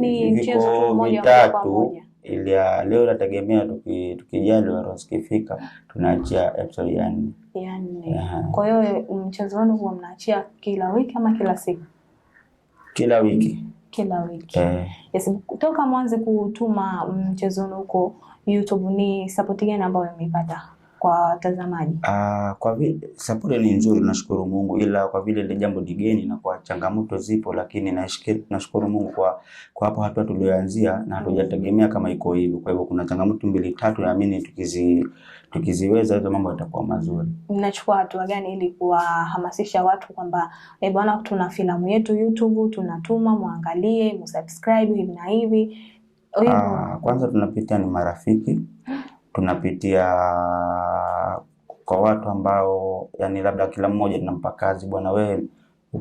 viko vitatu ila leo nategemea tukijali roho zikifika tunaachia episode ya nne. Kwa hiyo um, mchezo wenu huwa mnaachia kila wiki ama kila siku? Kila wiki, kila wiki eh. Yes, toka mwanze kutuma um, mchezo wenu huko YouTube, ni sapoti gani ambayo imeipata? kwa watazamaji? Ah, kwa vile sapoti ni nzuri, nashukuru Mungu, ila kwa vile ile jambo ni geni na kwa changamoto zipo, lakini nashukuru Mungu kwa kwa hapo hatua tulioanzia na hatujategemea kama iko hivyo. Kwa hivyo kuna changamoto mbili tatu, naamini tukizi tukiziweza hizo mambo yatakuwa mazuri. Mnachukua hatua gani ili kuwahamasisha watu kwamba eh, bwana, tuna filamu yetu YouTube tunatuma, mwangalie, msubscribe hivi na hivi? Aa, ah, kwanza tunapitia ni marafiki tunapitia kwa watu ambao yani labda kila mmoja nampa kazi, bwana wewe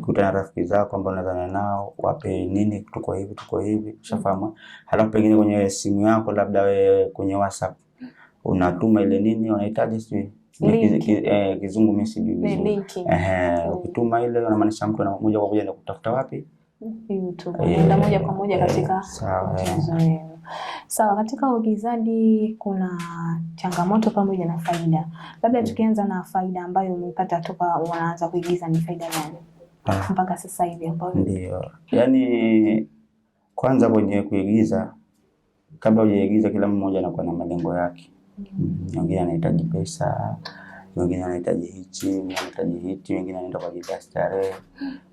na rafiki zako ambao unazana nao wape nini, tuko hivi tuko hivi, ushafahamu. Halafu pengine kwenye simu yako labda wewe kwenye WhatsApp unatuma ile nini wanahitaji, sijui eh, kizungu, mimi sijui, ehe, mm. ukituma ile unamaanisha mtu moja kwa moja anakutafuta wapi, mtu eh. moja kwa moja eh, katika sawa Sawa, so, katika uigizaji kuna changamoto pamoja na faida. Labda mm. tukianza na faida ambayo umepata toka unaanza kuigiza ni faida gani? Ah. mpaka sasa hivi ambayo ndio. Yaani kwanza kwenye kuigiza kabla hujaigiza kila mmoja anakuwa na malengo yake. Mm. Wengine anahitaji pesa, wengine anahitaji hichi, wengine anahitaji hichi, wengine anaenda kwa ajili ya starehe.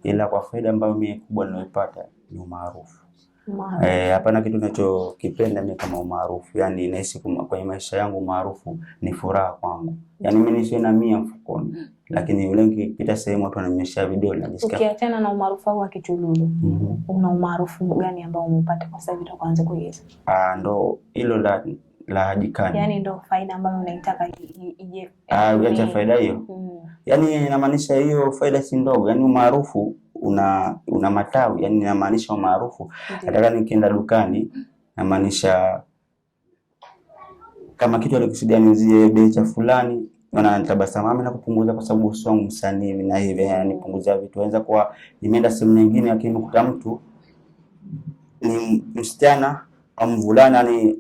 Ila kwa faida ambayo mimi kubwa nilipata ni umaarufu. Eh, hapana kitu ninachokipenda mimi kama umaarufu, Yaani nahisi kwenye maisha yangu umaarufu ni furaha kwangu, Yaani mimi nisiwe na mia mfukoni, lakini yule nikipita sehemu watu wananionyesha video na najisikia. Ukiachana na umaarufu wa kichululu. Mm-hmm. una umaarufu gani ambao umepata kwa sasa hivi tukaanza kuieleza? Ah, ndo hilo la la hadikani, Yaani ndo faida ambayo unaitaka ije. Ah, uacha faida hiyo, Mm. Yaani inamaanisha hiyo faida si ndogo, Yaani umaarufu una, una matawi yani, inamaanisha umaarufu. Nataka nikienda dukani, namaanisha kama kitu alikusudia niuzie bei cha fulani wananitabasamu ama nakupunguza kwa sababu uso wangu msanii na hivi ananipunguzia vitu. Waweza kuwa nimeenda sehemu nyingine, lakini nikuta mtu ni msichana au mvulana, ni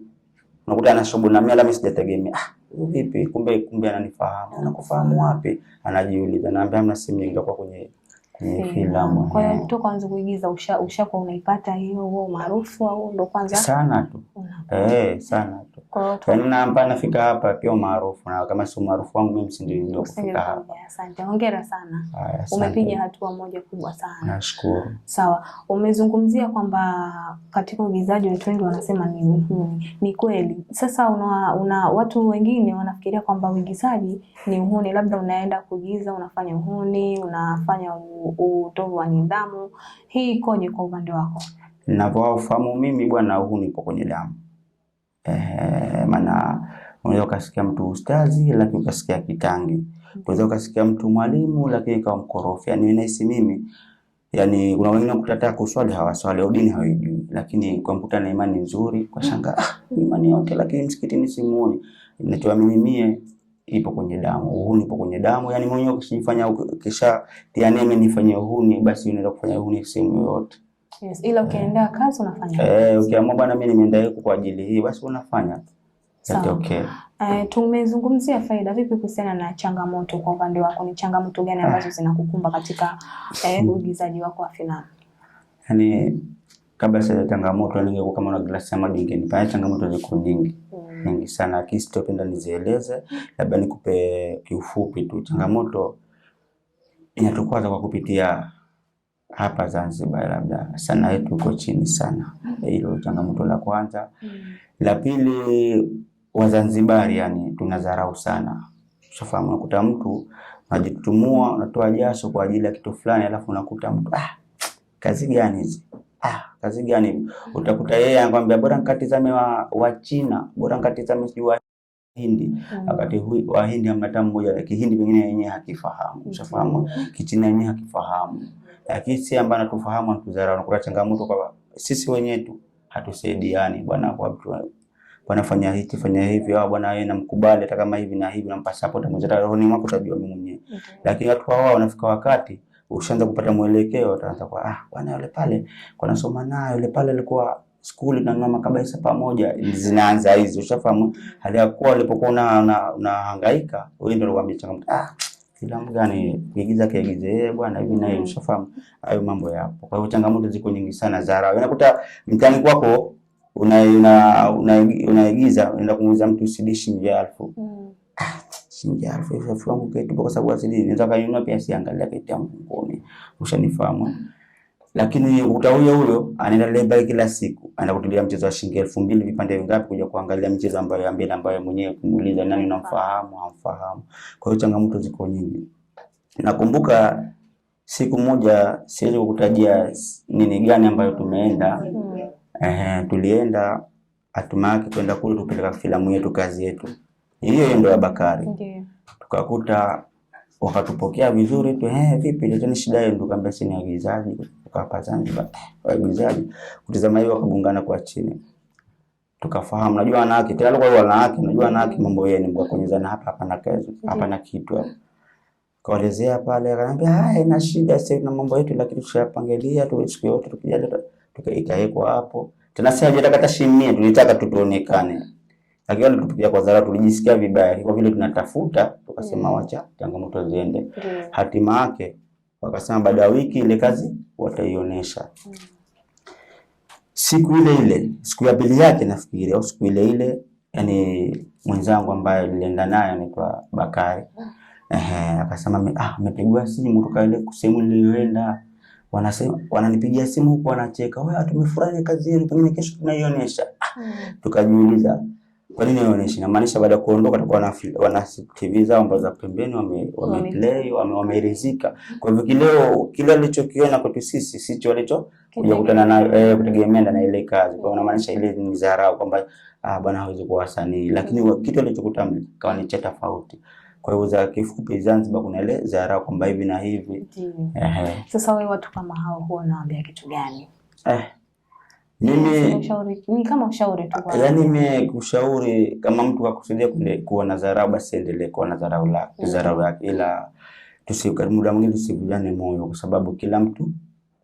nakuta ana shobo na mimi labda sijategemea. Ah, vipi? Kumbe kumbe ananifahamu. Anakufahamu wapi? Anajiuliza, naambia mna sehemu nyingi kwa kwenye filamu. Kwa hiyo toka uanze kuigiza ushakuwa usha unaipata hiyo, huo umaarufu au ndo kwanza? Sana tu eh, sana Namna mpaka nafika hapa pia umaarufu, na kama si umaarufu wangu mimi si ndio kufika hapa. Asante, hongera sana, umepiga hatua moja kubwa sana. Nashukuru. Sawa, umezungumzia kwamba katika uigizaji watu wengi wanasema ni uhuni. Ni kweli. Sasa una, una watu wengine wanafikiria kwamba uigizaji ni uhuni, labda unaenda kuigiza unafanya uhuni, unafanya utovu wa nidhamu. Hii ikoje kwa upande wako? Ninavyofahamu mimi bwana, uhuni upo kwenye damu Ehe, maana unaweza ukasikia mtu ustazi lakini ukasikia kitangi, unaweza ukasikia mtu mwalimu lakini ikawa mkorofi. Yani nahisi mimi yani, kuna wengine kutata kuswali hawaswali udini dini hawajui, lakini kwa mkuta na imani nzuri kwa shanga ah, imani yote lakini msikitini simuoni. Natoa mimi mie ipo kwenye damu, uhuni ipo kwenye damu. Yani mwenyewe ukishifanya kisha tianeme yaani nifanye uhuni, basi unaweza kufanya uhuni sehemu yoyote. Yes, ila ukiendea eh. kazi unafanya. Eh, ukiamua bwana mimi nimeenda huko kwa ajili hii basi unafanya. Sawa. Okay. Eh, tumezungumzia faida vipi kuhusiana na changamoto kwa upande wako ni changamoto gani ah. ambazo zinakukumba katika eh, hmm. uigizaji wako wa filamu? Yaani kabla sasa changamoto ningekuwa kama na glasi ya maji pale, yaani changamoto ziko nyingi. Hmm. Nyingi sana lakini sitopenda nizieleze labda nikupe kiufupi tu changamoto inatukwaza kwa kupitia hapa Zanzibar labda sanaa yetu iko chini sana. Mm. Hilo changamoto la kwanza. Mm. La pili, Wazanzibari yani tunadharau sana, ushafahamu. Unakuta mtu unajitutumua, unatoa jasho kwa ajili ya kitu fulani, alafu unakuta mtu ah, kazi gani hizi ah, kazi gani? Mm. Utakuta yeye anakuambia bora nikatizame wa, wa China, bora nikatizame sijui wa Hindi wakati hui wa Hindi hamna hata mmoja. Kihindi pengine yenyewe hakifahamu, ushafahamu. Kichina yenyewe hakifahamu lakini si ambaye anatufahamu anatuzarau. Kuna changamoto kwa sisi wenyewe tu hatusaidiani, bwana kwa mtu bwana, fanya hiki fanya hivi, au bwana yeye namkubali hata kama hivi na hivi, nampa support mmoja hata roho mwako utajua mimi mwenyewe. Mm-hmm. Lakini watu hao wanafika wakati ushaanza kupata mwelekeo, utaanza kwa ah, bwana yule pale kwa nasoma naye yule pale alikuwa skuli na mama kabisa pamoja, zinaanza hizo, ushafahamu hali ya kuwa ulipokuwa unahangaika, wewe ndio ulikwambia changamoto ah mtu gani kuigiza kiigize yeye eh, bwana hivi naye ushafahamu hayo mambo yapo. Kwa hiyo changamoto ziko nyingi sana za raha. Unakuta mtani kwako unaigiza una, una unaenda kumuuza mtu CD shilingi elfu. Mm. Ah, shilingi elfu hiyo filamu kwa sababu asili inaweza kainunua pia siangalia kitu yangu ngoni. Ushanifahamu. Lakini ukuta huyo huyo anaenda kila siku, anakutilia mchezo wa shilingi elfu mbili vipande vingapi, kuja kuangalia mchezo ambayo ya mbele mwenyewe kumuuliza nani unamfahamu, hamfahamu. Kwa hiyo changamoto ziko nyingi. Nakumbuka siku moja, siwezi kukutajia nini gani ambayo tumeenda eh, tulienda hatuma yake kwenda kule tupeleka filamu yetu kazi yetu hiyo ndio ya Bakari, tukakuta wakatupokea vizuri tu, eh, vipi leo ni shida yenu? Tukaambia sisi ni waigizaji kutoka Zanzibar, waigizaji kutazama hiyo, wakabungana kwa chini tukafahamu. Najua wanawake tayari kwa wanawake, najua wanawake mambo yenu mbwa kunyezana hapa hapa na kazi hapa na kitu kaelezea pale, akaniambia haya, ina shida sasa na mambo yetu, lakini tushapangilia tu siku yote, tukija tukaita hapo tena. Sasa hajatakata shimia, tulitaka tutuonekane Akiwa alitupitia kwa dharau, tulijisikia vibaya kwa vile tunatafuta, tukasema mm. wacha changamoto ziende. Hatima yake wakasema baada ya wiki ile kazi wataionyesha. Mm. Siku ile ile, siku ya pili yake nafikiri, au siku ile ile, yani mwenzangu ambaye nilienda naye anaitwa Bakari ah. ehe, akasema ah, amepigwa simu kutoka ile sehemu nilioenda wanasema wananipigia simu huko wanacheka, wewe tumefurahi kazi yenu, pengine kesho tunaionyesha. Ah, mm. Tukajiuliza kwa nini haionyeshi? Inamaanisha baada ya kuondoka watakuwa wana TV zao ambazo za pembeni wame wame play wame wamerizika. Kwa hivyo kileo kile alichokiona kwetu sisi sicho alicho kuja kutana na eh, kutegemea na ile kazi. Kwa maana maanisha ile ni dharau kwamba ah, bwana hawezi kuwa wasanii, lakini kitu alichokuta kawa ni cha tofauti. Kwa hivyo za kifupi, Zanzibar kuna ile dharau kwamba hivi na hivi. Ehe. Sasa wewe watu kama hao huona unawaambia kitu gani? Eh mimi kama ushauri tu, yaani nimekushauri kama mtu akusudia kuwa na dharau, basi endelee kuwa na dharau lake mm. dharau yake, ila muda mwingine tusivujane moyo, kwa sababu kila mtu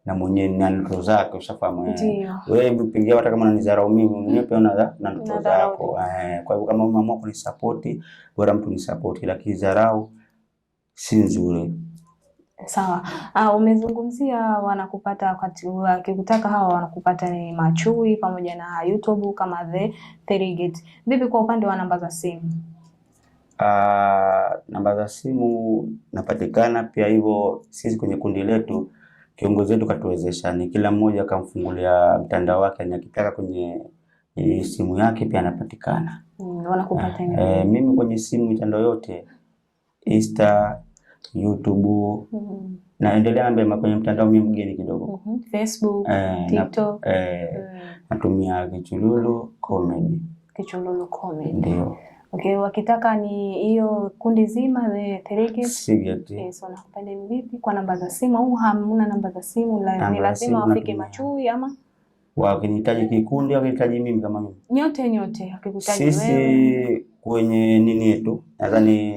na mwenye na ndoto zake. Ushafahamu eh. wewe, pigia hata kama nanidharau mimi mwenyewe pia na ndoto zako. Eh, kwa hivyo kama umeamua kunisapoti, bora mtu nisapoti, lakini dharau si nzuri. Sawa. Ah, umezungumzia wanakupata wakati wakikutaka hawa wanakupata ni machui pamoja na YouTube kama the Gate. Vipi kwa upande wa namba za simu? Uh, namba za simu napatikana pia hivyo. Sisi kwenye kundi letu kiongozi wetu katuwezesha, ni kila mmoja akamfungulia mtandao wake, ni akitaka kwenye e, simu yake pia anapatikana. Mm, wanakupata. Uh, eh, mimi kwenye simu mitandao yote Insta YouTube mm. -hmm. naendelea mbema kwenye mtandao, mimi mgeni kidogo mm -hmm. Facebook, eh, TikTok na, eh, mm. natumia Kichululu Comedy, Kichululu Comedy ndio. Okay, wakitaka ni hiyo kundi zima Tereke. wanakupanda eh, vipi? Kwa namba za simu au hamna namba za simu? La, ni lazima wafike Machui ama wakinihitaji kikundi, au wakinihitaji mimi kama mimi, nyote nyote, akikuhitaji wewe, sisi kwenye nini yetu nadhani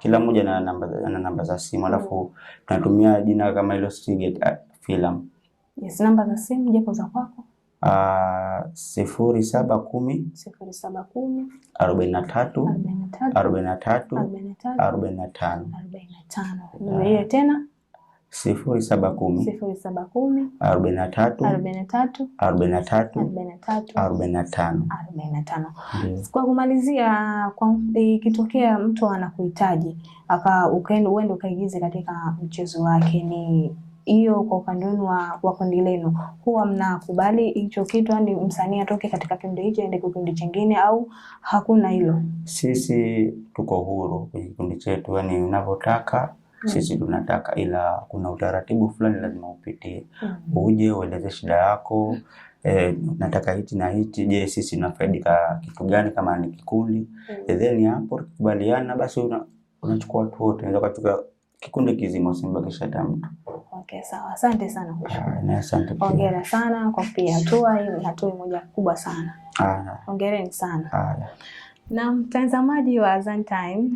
kila mmoja na namba ana namba za simu, alafu mm. tunatumia jina kama hilo Seagate uh, Film. Yes, namba za simu japo za kwako ah, sifuri saba kumi arobaini na tatu arobaini na tatu arobaini na tano. Tena sifuri saba kumi sifuri saba kumi arobaini na tatu arobaini na tatu arobaini na tatu arobaini na tatu arobaini na tano arobaini na tano. Kwa kumalizia, kwa ikitokea mtu anakuhitaji aka ukaenda uende ukaigize katika mchezo wake, ni hiyo kwa upande wenu wa kundi lenu huwa mnakubali hicho kitu, yaani msanii atoke katika kipindi hicho aende kipindi chingine, au hakuna hilo? Sisi tuko huru kwenye kipindi chetu, yaani unavyotaka Hmm. sisi tunataka, ila kuna utaratibu fulani lazima upitie, mm. uje ueleze shida yako E, nataka hiti na hiti. Je, sisi tunafaidika kitu gani kama ni kikundi? mm. then hapo tukubaliana, basi una, unachukua watu wote, unaweza kuchukua kikundi kizima, usimbakisha hata mtu. Okay, sawa. Asante sana ah, asante, hongera sana kwa kupiga hatua hii, ni hatua moja kubwa sana. Ah, Hongereni sana. Na mtazamaji wa Zantime,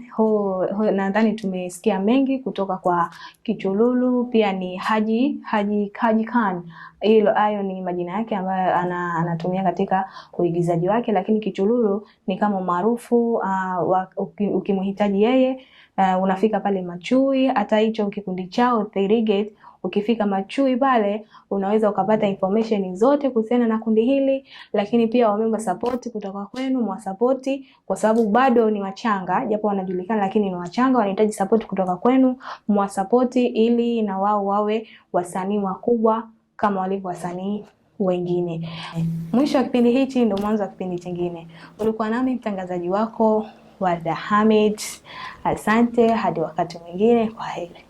nadhani tumesikia mengi kutoka kwa Kichululu, pia ni Haji Haji Haji Khan, hilo hayo ni majina yake ambayo ana, anatumia katika uigizaji wake, lakini Kichululu ni kama maarufu uh, ah, ukimhitaji yeye uh, unafika pale Machui. Hata hicho kikundi chao Three Gate Ukifika Machui pale unaweza ukapata information zote kuhusiana na kundi hili, lakini pia wamemba support kutoka kwenu mwasapoti, kwa sababu bado ni wachanga, japo wanajulikana, lakini ni wachanga, wanahitaji support kutoka kwenu, support, ili na wao wawe wasanii wakubwa kama walivyo wasanii wengine. Mwisho wa kipindi hichi ndio mwanzo wa kipindi chingine. Ulikuwa nami mtangazaji wako Warda Hamid. Asante, hadi wakati mwingine, kwa heri.